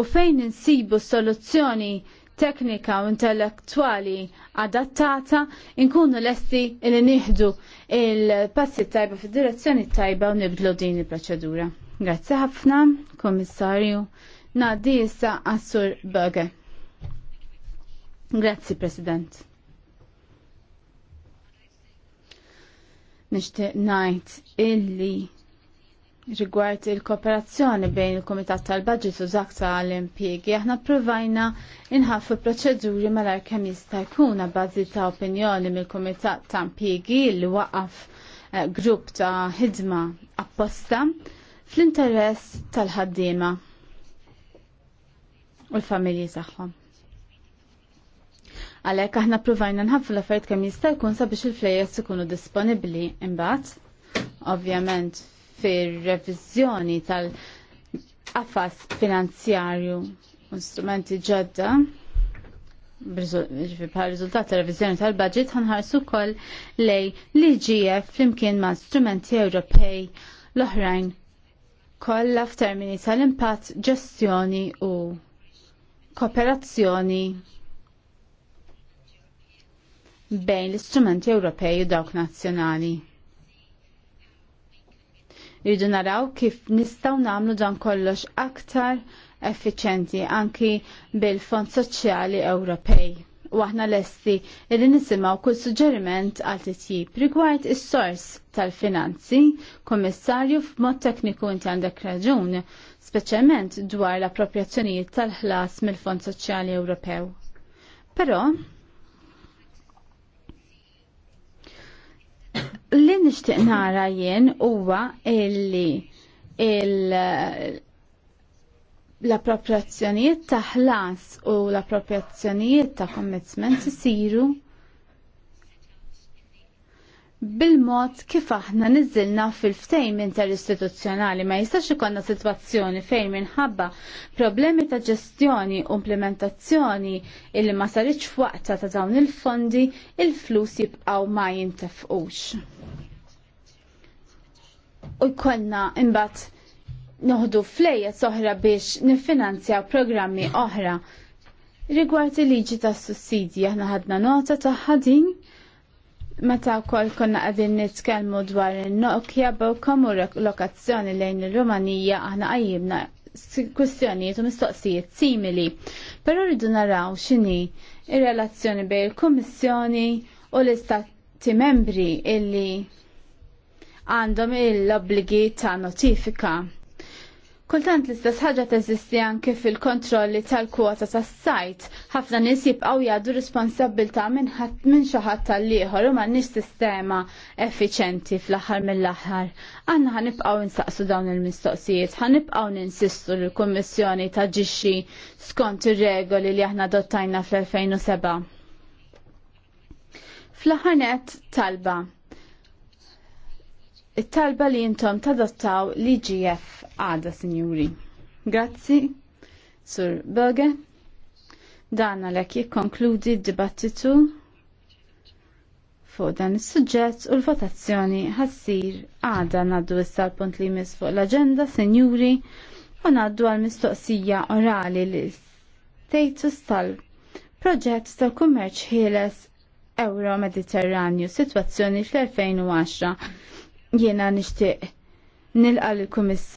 u fejn insibu soluzzjoni teknika u intellettwali adattata inkunu lesti li nieħdu il-passi tajba fid-direzzjoni tajba u nibdlu din il-proċedura. Grazzi ħafna, Komissarju. Nadi issa Assur Böge. Grazzi, President. Nishtiq najt illi rigward il-kooperazzjoni bejn il-Komitat tal-Budget u Zak tal-Impjegi, aħna provajna inħaffu proċeduri malar kemm jista' jkun bażi ta' opinjoni mill-Komitat ta' Impjegi li waqaf eh, grupp ta' ħidma apposta fl-interess tal-ħaddiema u l-familji tagħhom. Għalhekk aħna provajna nħaffu l-affarijiet kemm jista' jkun sabiex il-flejjes ikunu disponibbli imbagħad, ovvjament fir-reviżjoni tal-qafas finanzjarju u strumenti ġodda bħal riżultat tal revizjoni tal-budget ħanħarsu wkoll lej l-IGF flimkien ma' strumenti Ewropej l-oħrajn kollha f'termini tal-impatt ġestjoni u kooperazzjoni bejn l-istrumenti Ewropej u dawk nazzjonali. Rridu naraw kif nistaw namlu dan kollox aktar effiċenti anki bil-Fond Soċjali Ewropej. U aħna lesti li nisimaw kull suġġeriment għal titjib rigward is-sors tal-finanzi, kommissarju f'mod tekniku inti għandek raġun, speċjalment dwar l-appropriazzjonijiet tal-ħlas mill-Fond Soċjali Ewropew. Però, Li nixtieq nara jien huwa illi il- l-appropriazzjonijiet ta' ħlas u l-appropriazzjonijiet ta' commitment isiru bil-mod kif aħna niżilna fil-ftejm interistituzzjonali ma jistax ikonna sitwazzjoni fejn minħabba problemi ta' ġestjoni u implementazzjoni illi ma saritx f'waqta ta' dawn il-fondi il-flus jibqaw ma jintefqux. U jkollna imbagħad noħdu flejja soħra biex nifinanzjaw programmi oħra rigward il-liġi tas sussidji aħna ħadna nota ta' ħadin Meta wkoll konna qegħdin nitkellmu dwar in-Nokja bowkom u lokazzjoni lejn ir-Rumanija aħna għajibna kwistjonijiet u mistoqsijiet simili. Però rridu naraw x'inhi r relazzjoni bejn il-Kummissjoni u l-Istati membri illi għandhom l-obbligi ta' notifika Kultant l-istess ħaġa teżisti anke fil-kontrolli tal-kwota tas-sajt. Ħafna nies jibqgħu jgħadu responsabbilta minn xi ħadd tal-ieħor u m'għandniex sistema effiċenti fl-aħħar mill-aħħar. Għandna ħanibqgħu nsaqsu dawn il-mistoqsijiet, ħanibqgħu ninsistu l kummissjoni taġixxi skont ir-regoli li aħna adottajna fl-2007. Fl-aħħar talba it-talba li jintom tadottaw l-IGF għada, sinjuri. Grazzi, Sur Böge. Dan għalhekk jikkonkludi d-dibattitu fuq dan is-suġġett u l-votazzjoni ħassir għada ngħaddu issa l-punt li jmiss fuq l-aġenda, sinjuri, u ngħaddu għall mistoqsija orali li status tal-proġett tal-kummerċ ħieles Euro Mediterranju, situazzjoni fl-2010. Jiena nixtieq nilqa l-Kummissar.